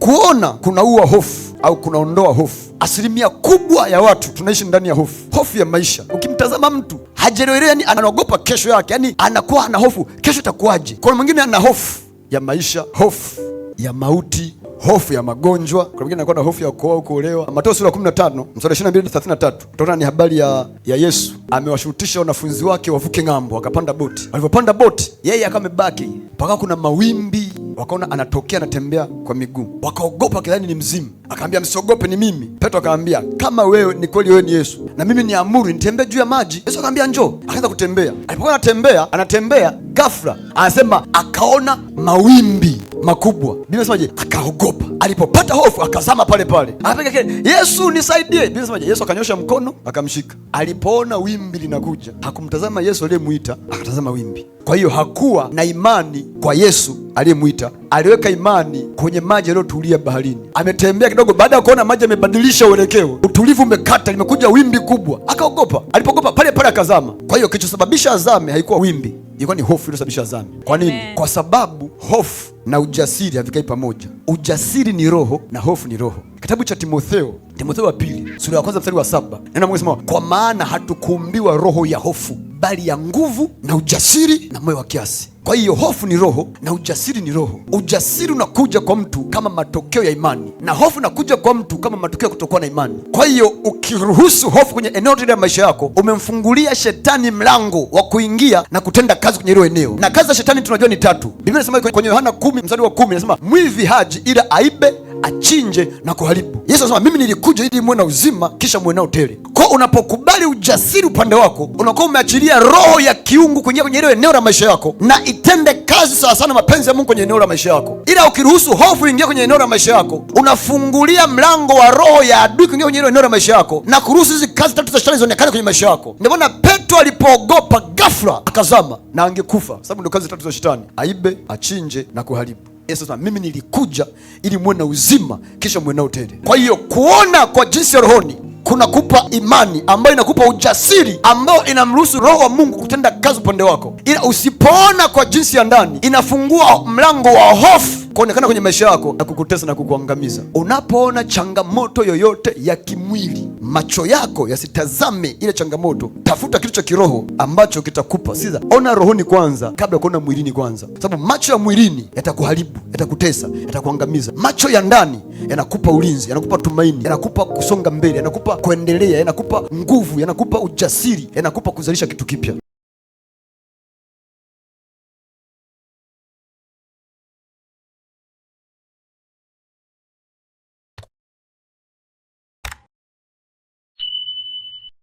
Kuona kunaua hofu au kunaondoa hofu. Asilimia kubwa ya watu tunaishi ndani ya hofu, hofu ya maisha. Ukimtazama mtu hajelewelewa, yani anaogopa kesho yake, yani anakuwa ana hofu, kesho itakuwaje? Kuna mwingine ana hofu ya maisha, hofu ya mauti hofu ya magonjwa. Kuna mwingine anakuwa na hofu ya kuoa au kuolewa. Mateo sura ya 15 mstari na tatu tutaona ni habari ya, ya Yesu amewashurutisha wanafunzi wake wavuke ng'ambo, akapanda boti. Walivyopanda boti, yeye akawa amebaki, mpaka kuna mawimbi wakaona anatokea anatembea kwa miguu, wakaogopa wakidhani ni mzimu. Akaambia, msiogope, ni mimi. Petro akaambia, kama wewe ni kweli wewe ni Yesu, na mimi ni amuru nitembee juu ya maji. Yesu akaambia njoo, akaanza kutembea. Alipokuwa anatembea anatembea, ghafla anasema akaona mawimbi makubwa. Biblia inasemaje? Akaogopa, alipopata hofu akazama pale pale, akapiga kelele, Yesu nisaidie! Biblia inasemaje? Yesu akanyosha mkono akamshika. Alipoona wimbi linakuja, hakumtazama Yesu aliyemwita, akatazama wimbi. Kwa hiyo hakuwa na imani kwa Yesu aliyemwita aliweka imani kwenye maji yaliyotulia baharini. Ametembea kidogo, baada ya kuona maji yamebadilisha uelekeo, utulivu umekata, limekuja wimbi kubwa, akaogopa. Alipogopa pale pale akazama. Kwa hiyo kilichosababisha azame haikuwa wimbi, ilikuwa ni hofu iliyosababisha azame. Kwa nini? Kwa sababu hofu na ujasiri havikai pamoja. Ujasiri ni roho na hofu ni roho. Kitabu cha Timotheo, Timotheo wa pili sura ya kwanza mstari wa saba neno la Mungu kwa maana hatukuumbiwa roho ya hofu bali ya nguvu na ujasiri na moyo wa kiasi. Kwa hiyo hofu ni roho na ujasiri ni roho. Ujasiri unakuja kwa mtu kama matokeo ya imani, na hofu inakuja kwa mtu kama matokeo ya kutokuwa na imani. Kwa hiyo ukiruhusu hofu kwenye eneo lile la maisha yako, umemfungulia shetani mlango wa kuingia na kutenda kazi kwenye hilo eneo. Na kazi za shetani tunajua ni tatu. Biblia inasema kwenye Yohana kumi mstari wa kumi inasema mwivi haji ila aibe achinje na kuharibu. Yesu anasema mimi nilikuja ili muwe na uzima, kisha muwe nao tele. Kwa unapokubali ujasiri upande wako, unakuwa umeachilia roho ya kiungu kuingia kwenye ile eneo la maisha yako na itende kazi sawa sana mapenzi ya Mungu kwenye eneo la maisha yako, ila ukiruhusu hofu ingia kwenye eneo la maisha yako, unafungulia mlango wa roho ya adui kuingia kwenye ile eneo la maisha yako na kuruhusu hizi kazi tatu za shetani zionekane kwenye maisha yako. Ndio maana Petro alipoogopa ghafla akazama na angekufa, sababu ndio kazi tatu za shetani: aibe, achinje na kuharibu. Yesu asema mimi nilikuja ili muwe na uzima kisha muwe nao tele. Kwa hiyo kuona kwa jinsi ya rohoni kunakupa imani ambayo inakupa ujasiri ambayo inamruhusu Roho wa Mungu kutenda kazi upande wako, ila usipoona kwa jinsi ya ndani inafungua mlango wa hofu kuonekana kwenye maisha yako na kukutesa na kukuangamiza. Unapoona changamoto yoyote ya kimwili, macho yako yasitazame ile changamoto, tafuta kitu cha kiroho ambacho kitakupa siza. Ona rohoni kwanza kabla ya kuona mwilini kwanza, sababu macho ya mwilini yatakuharibu, yatakutesa, yatakuangamiza. Macho ya ndani yanakupa ulinzi, yanakupa tumaini, yanakupa kusonga mbele, yanakupa kuendelea, yanakupa nguvu, yanakupa ujasiri, yanakupa kuzalisha kitu kipya.